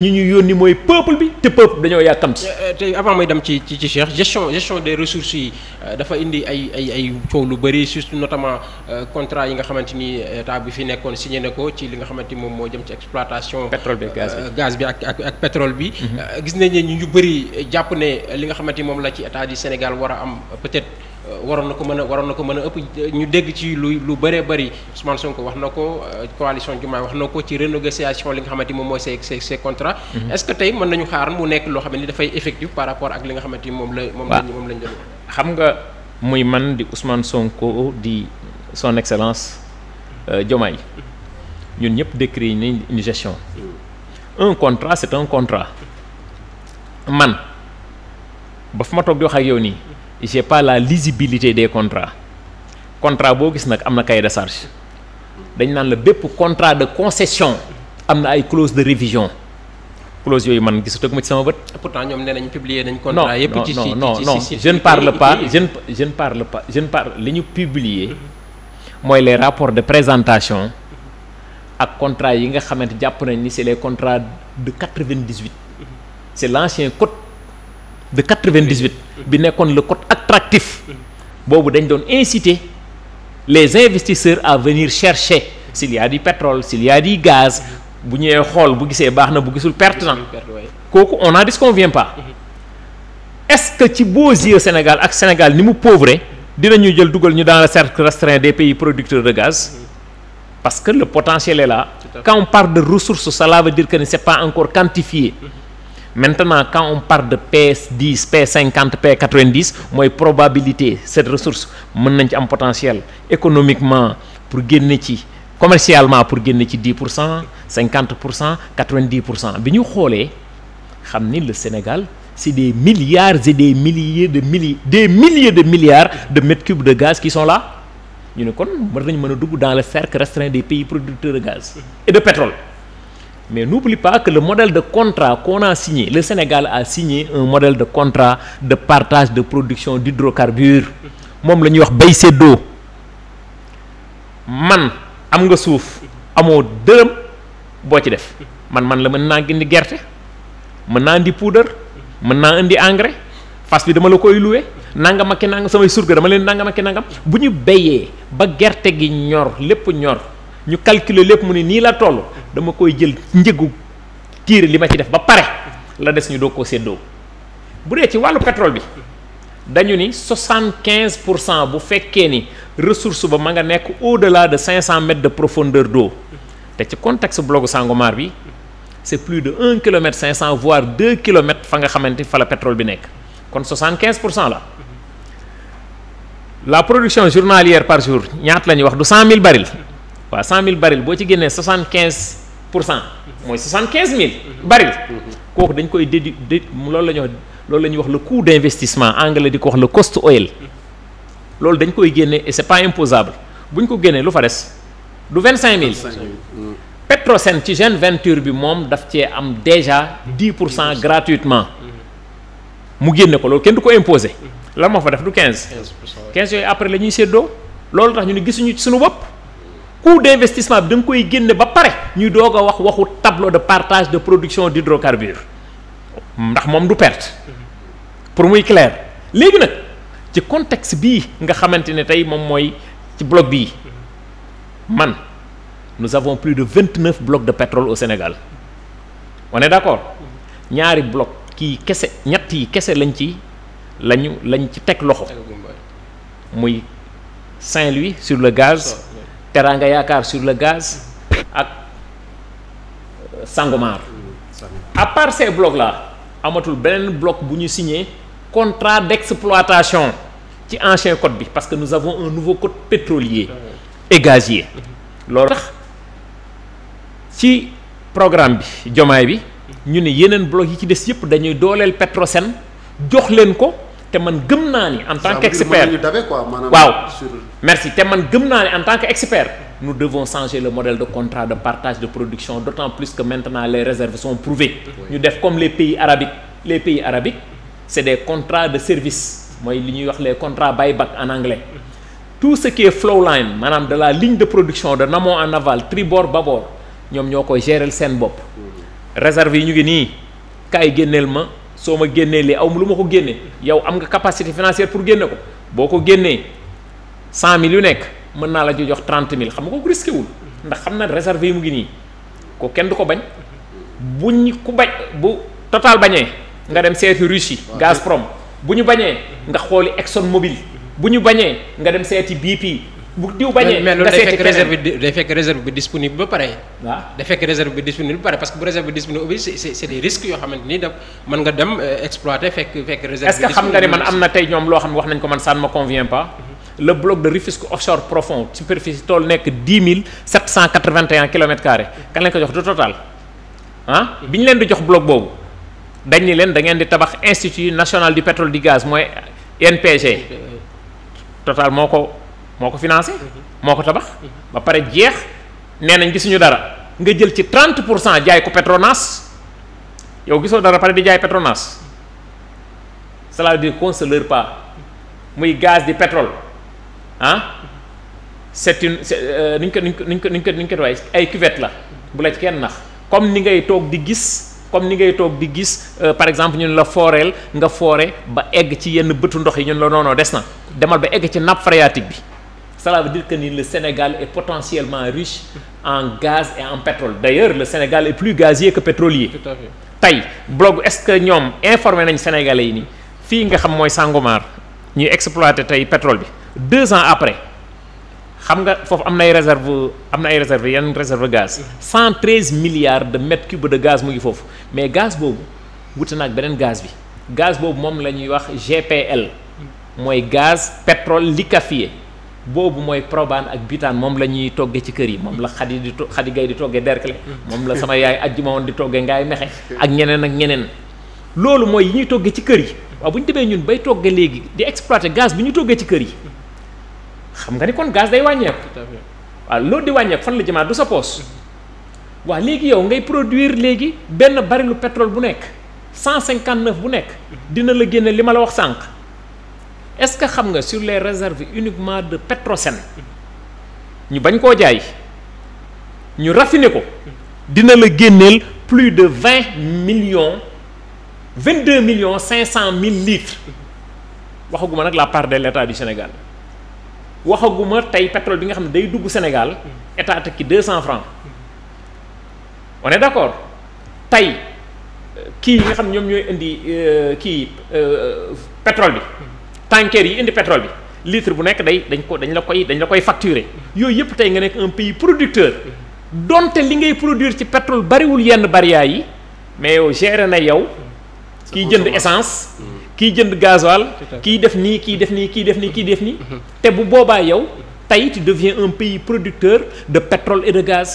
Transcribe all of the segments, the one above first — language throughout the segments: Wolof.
ñu ñu yónni mooy peuple bi te pëpp dañoo yàkkamti. Euh, euh, tey avant may dem ci ci ci Cheikh gestion gestion des ressources yi euh, dafa indi ay ay ay coow lu bëri surtout notamment contrat yi nga xamante ni état bi fi nekkoon signé ne ko ci li nga xamante ni moom moo jëm ci exploitation. pétrole bi gaz bi ak ak ak pétrole bi. Mhm. gis nañ ne ñu bëri jàpp ne li nga xamante ni moom la ci état du Sénégal war a am peut-être. waroon na ko mën a waroon na ko mën a ëpp ñu dégg ci lu lu bari bëri Ousmane Sonko wax na ko euh, coalition Diomaye wax na ko ci renégociation li nga xamante moom mooy ses ses ses contrats. Mhm. est-ce que tey mën nañu xaar mu ne dafay effectif par rapport ak li nga xamante ni moom la. moom xam nga muy man di Ousmane Sonko di son excellence euh, Diomaye ñun ñëpp décrit ni une mm. un contrat c'est un contrat. man ba fu ma toog di wax ak yow nii. j'ai par la lisibilité des contrats contrat boo gis nag am na cahier de charge dañ naan la bépp contrat de concession am na ay clause de révision clause yooyu man gisatoo ma ci sama bët. pourtant ñoom nee nañ publier nañ contrat yëpp ci non non je ne parle pas je ne je ne parle pas li ñu publier mooy les rapports de présentation ak contrat yi nga xamante jàpp nañ ni c'est les contrats de quatre-vingt-dix-huit de 98 bi nekkoon le code attractif boobu dañ doon inciter les investisseurs à venir chercher s'il y a du pétrole gaz bu ñëwee xool bu gisee baax na bu gisul perte na kooku on n'en disconvient pas mhm. est-ce que ci beaux yeux Sénégal ak Sénégal ni mu pauvre dinañu jël dugal ñu dans le cercle restreint des pays producteurs de gaz mhm. parce que le potentiel est là quand on de ressources ça veut dire que ne pas encore quantifié mhm. maintenant quand on parle de P10 P50 P90 mooy probabilité cette ressource mën nañ ci am potentiel économiquement pour génne ci commercialement pour génne ci 10 pour cent 50 pour cent 90 pour cent bi ñu xoolee xam ni le Sénégal c'est des milliards et des milliers de milli des de milliards de mètres cubes de gaz qui sont la ñu ne kon war nañ mën a dugg dans le cercle restreint des pays producteurs de gaz et de pétrole mais n'oublie pas que le modèle de contrat qu'on a signé le Sénégal a signé un modèle de contrat de partage de production d'hydrocarbures moom la ñuy wax bay seddoo man am nga suuf amoo dërëm boo ci def man man la mën naa indi gerte mën naa indi puudar mën naa indi engrais fas bi dama la koy loué nangam ak nangam samay surga dama leen nangam nangam bu ñu bayee ba gerte gi ñor lépp ñor. ñu calculer lépp mu ne nii la toll dama koy jël njëgu tiir li ma ci def ba pare la des ñu doog koo séddoo bu dee ci wàllu pétrole bi dañu ni soixante quinze pour cent bu fekkee ni ressource ba ma nga nekk au delà de cinq cent mètres de profondeur d'eau te ci contexte blogu bi c'est plus de un kilomètre cinq cent voire deux kilomètres fa nga xamante fa la pétrole bi nekk kon soixante quinze pour cent la la production journalière par jour ñaata la ñuy wax du cent mille barils waaw 100000 baril boo ci génnee 75 pour cent mooy 75000 baril kooku dañ koy dédu dé loolu la ñuy wax loolu la ñuy wax le coût d' investissement anglais di ko wax le cost oil loolu dañ koy génne et c' est pas imposable bu ñu ko génnee lu fa des du 25000. Mm. Petrosen ci jeune venture bi moom daf cee am déjà 10 pour cent gratuitement mm-hmm. mu génne ko loolu kenn du ko imposer mm-hmm. la moo fa def du 15. 15 pour cent 15 yooyu après la ñuy séddoo loolu tax ñu gisuñu ci suñu bopp. coût d'investissement bi da koy génne ba pare ñu doog a wax waxu tableau de partage de production d'hydrocarbures ndax moom du perte pour muy claire léegi nag ci contexte bi nga xamante ne tey moom mooy ci bloc bi man nous avons plus de vingt-neuf blocs de pétrole au Sénégal on est d'accord ñaari bloc kii kese ñett yi kese lañ ci lañu lañ ci teg loxo muy Saint-Louis sur le gaz Teranga Yaakaar sur le gaz ak Sangomar à part ces blocs là amatul beneen bloc bu ñu signé contrat d'exploitation ci ancien code bi parce que nous avons un nouveau code pétrolier gaz gazier loolu tax ci programme bi Diomaye bi ñu ne yeneen bloc yi ci des yëpp dañuy dooleel Petrosen jox leen ko te man gëm naa ni en tant qu'expert waaw merci te man gëm naa ni en tant que qu'expert nous devons changer le modèle de contrat de partage de production d'autant plus que maintenant les réserves sont prouvées ñu def comme les pays arabiques les pays arabiques c'est des contrat de service mooy li ñuy wax les contrats buyback en anglais tout ce qui est flow line maanaam de la ligne de production de namont en aval tribord bâbord ñoom ñoo koy gérer seen bopp réserve ñu ngi nii kaay ma soo ma génnee lii aw lu ma ko génnee yow am nga capacité financière pour génne ko boo ko génnee cent mille yu nekk mën naa la ci jox trente mille xam nga ko risqué wul ndax xam na réserve yi mu ngi nii ko kenn du ko bañ bu ñu ku bañ bu total bañee nga dem seeti Russie Gazprom bu ñu bañee nga xooli Exxon Mobil bu ñu bañee nga dem seeti bii BP bu diw bañee nga seeti keneen réserve bi day fekk réserve bi disponible ba pare. waaw ah. day fekk réserve bi disponible ba pare parce que bu réserve bi disponible bi c'est c'est des risques yoo xamante ni daf mën nga dem euh, exploiter fekk fekk. réserve est-ce que xam nga ni man am na tey ñoom loo xam ne wax nañ ko man ça ne me convient pas. Mhm. le bloc de Rufisque offshore profond superficie tool nekk dix mille sept cent quatre vingt et un kilomètres carrés kan lañ ko jox du total ah bi ñu leen di jox bloc boobu dañ ni leen da ngeen di tabax institut national du pétrole du gaz mooy INPG total moo ko. moo ko financé mhm. moo ko tabax mhm. ba pare jeex nee nañ gisuñu dara nga jël ci 30 pour cent jaay ko Petronas yow gisoo dara pare di jaay Petronas cela veut dire qu'on se leurre pas muy gaz di pétrole ah c'est une c'est euh, niñ ko niñ ko niñ ko niñ ko niñ ko waaye ay cuvette la bu la ci kenn nax comme ni ngay toog di gis comme ni ngay toog di gis euh, par exemple ñun la foreel nga foore ba egg ci yenn bëtu ndox yi ñun la noonoo des na demal ba egg ci nappe phréatique bi cela veut dire que ni le Sénégal et potentiellement riche en gaz et en pétrole d'ailleurs le Sénégal est plus gazier que pétrolier tout à fait tey blog est-ce que ñoom informé nañ Sénégalais yi nii fii nga xam mooy Sangomar ñuy exploité tey pétrole bi deux ans après xam nga foofu am na ay réserve am na ay réserve yenn réserve gaz cent treize milliards de mètres cubes de gaz mu ngi foofu mais gaz boobu wuti naag beneen gaz bi gaz boobu moom la ñuy wax GPL mooy gaz pétrole liquéfié boobu mooy probaan ak bitaan moom la ñuy togge ci kër yi moom la xadi di xadi gay di togge derkle moom la sama yaay ajjuma woon di togge ngaay mexe ak ñeneen ak ñeneen loolu mooy yi ñuy togge ci kër yi waaw bu ñu demee ñun bay toggee léegi di exploiter gaz bi ñu toggee ci kër yi xam nga ni kon gaz day wàññeeku waaw loolu di wàññeeku fan la jëmaat du sa poos waaw léegi yow ngay produire léegi benn barilu pétrole bu nekk cent cinquante neuf bu nekk dina la génne li ma la wax sànq est-ce que xam nga sur les réserves uniquement de Petrosen ñu bañ koo jaay ñu raffiner ko dina la génneel plus de vingt millions vingt deux million cinq cent mille litres waxaguma nag la part de l'État du Sénégal waxaguma tey pétrole bi nga xam ne day dugg Sénégal état ki deux cent francs on est d'accord tey euh, kii nga xam ñoom ñooy indi euh, kii euh, pétrole bi tanker yi indi pétrole bi litre bu nekk day dañ ko dañ la koy dañ la koy facturer yooyu yëpp tey nekk un pays producteur donte li ngay produire ci pétrole bariwul yenn bariyaa yi mais yow géré na yow kiy jënd essence mm. kiy jënd gasoil kiy def nii kiy def nii kiy def nii kiy def nii mm-hmm. te bu boobaa yow tey tu deviens un pays producteur de pétrole et de gaz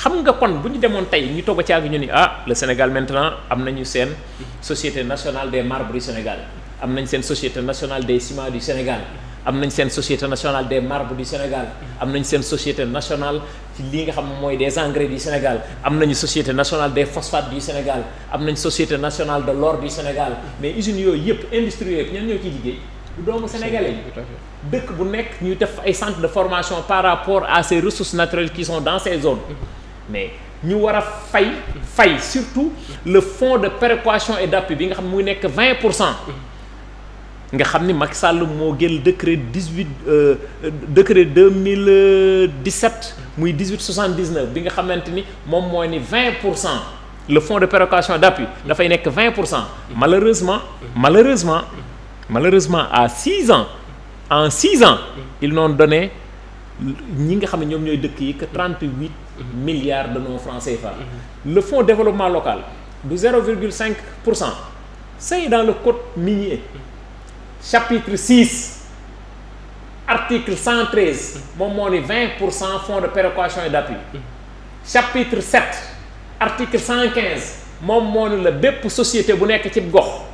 xam nga kon bu ñu demoon tey ñu togg ci ak ñu ni ah le Sénégal maintenant am nañu seen mm-hmm. société nationale des marbres Sénégal am nañ seen société nationale des ciments du Sénégal am nañ seen société nationale des marbres du Sénégal am nañ seen société nationale ci li nga xam mooy des engrais du Sénégal am nañu société nationale des phosphates du Sénégal am nañ société nationale de l'or du Sénégal mais usines yooyu yëpp industrie yëpp ñan ñoo ciy liggéey du doomu sénégalais yi dëkk bu nekk ñu def ay centres de formation par rapport à ces ressources naturelles qui sont dans ces zones mais ñu war a fay fay surtout le fonds de péréquation et d'appui bi nga xam muy nekk vingt pour cent nga xam ni mag Sall moo jël décret dix huit euh, décret deux mille dix sept muy dix huit soixante dix neuf bi nga xamante ni moom mooy ni vingt pour cent le fonds de péréquation d'appui dafay nekk vingt pour cent malheureusement malheureusement malheureusement à six ans en six ans il n'ont donné ñi nga xam ne ñoom ñooy dëkk yi que trente huit milliards de nos francs le fonds développement local du zéro virgule cinq pour cent c'est dans le code minier chapitre 6 article 113 moom moo ni 20 pour cent fonds de péréquation et d'appui mhm. chapitre 7 cent quinze moom moo ni la bépp société bu nekk ci gox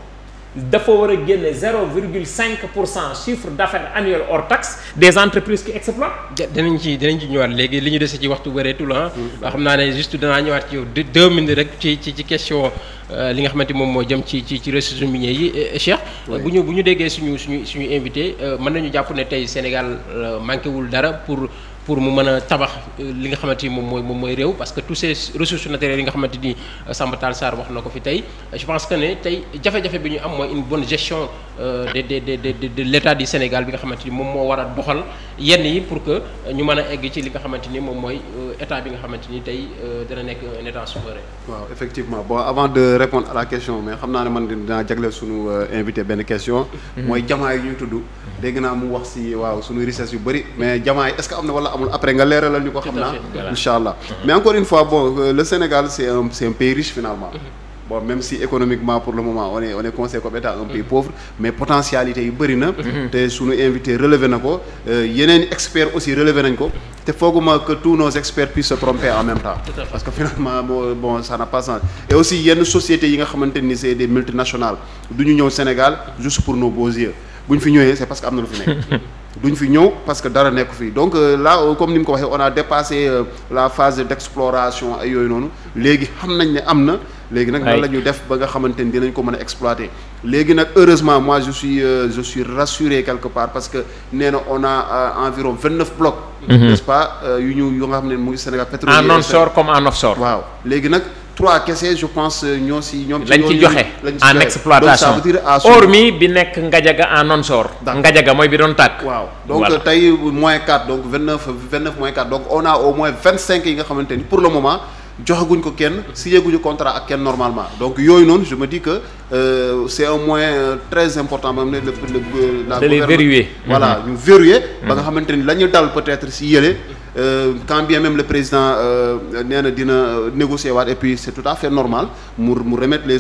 dafa war a génne zéro virgule cinq pour cent chiffre d'affaires annuel or taxe des entreprises qui exploitent. dinañ ci dinañ ci ñëwaat léegi li ñu dese ci waxtu bëreetul ah. xam naa ne juste danaa ñëwaat ci yow deux minutes rek ci ci ci question euh, li nga xamante moom moo jëm ci ci ci ressources minières yi euh, euh, Cheikh. bu ñu bu ñu déggee suñu suñu suñu invité mën nañu jàpp ne tey Sénégal manqué wul dara pour. pour mu mën a tabax euh, li nga xamante moom mooy moom mooy réew parce que tous ces ressources naturelles yi nga xamante ni euh, Samba Tall Sarr wax na ko fi tey je pense que ne tey jafe-jafe bi euh, nga xamante ni moom moo war a doxal yenn yi que ñu mën a egg ci li nga xamante ni moom mooy état bi nga xamante ni tey dana nekk un état waaw effectivement bon avant de répondre à la question mais xam naa ne man dinaa jagleel sunu invité benn question. Mhm. mooy jamaa yi ñuy tudd. Mhm. dégg naa mu wax si waaw sunu richesse yu bëri mais jamaa yi est amul après nga leeralal ñu ko xam naa incha allah mm-hmm. mais encore une fois bon euh, le Sénégal c'est un pays riche finalement mm-hmm. bon même si économiquement pour le moment on est on est considéré comme état un pays mm-hmm. pauvre mais potentialité yu bëri na te suñu invité relevé na ko euh, yeneen experts aussi relevé nañ ko te fooguma que tous nos experts puissent se tromper en même temps parce que finalement bon euh, ça n'a pas aussi yenn sociétés yi nga xamante ni c'est des multinationales du ñu ñëw Sénégal juste pour nos beaux yeux bu ñu fi ñëwee c'est parce duñ fi ñëw parce que dara nekku fii donc euh, là euh, comme ni mu ko waxee on a dépassé euh, la phase d'exploration ay yooyu noonu léegi xam nañ ne am na léegi nag nan la ñu def ba nga xamante ni dinañ ko mën a exploiter léegi nag heureusement moi je suis je suis rassuré quelque part parce que nee na on a environ vingt neuf blocs mhm. n'est-ce pas yu ñu yu nga xam ne mu ngi Sénégal pétrolier en onshore comme en offshore waaw léegi nag trois kese je pense euh, ñoo si ñoom. lañ ci joxe en exploitation donc ça veut dire à. hormis bi nekk Ngajaga en onshore. Ngajaga mooy bi doon tàkk. waaw donc tey moins 4 donc 29 29 moins 4 donc on a au moins 25 yi nga xamante ni pour le moment. joxaguñ ko kenn signé guñu contrat ak kenn normalement donc yooyu noonu je me dis que euh, c' un moyen euh, très important ba nga xam ne le la. da lay verrouiller voilà mm-hmm. ñu ba nga mm-hmm. xamante ni la ñu dal peut être si yële. Euh, quand même le président euh, nee na dina négocier waat et puis c' est tout à fait normal mu mu les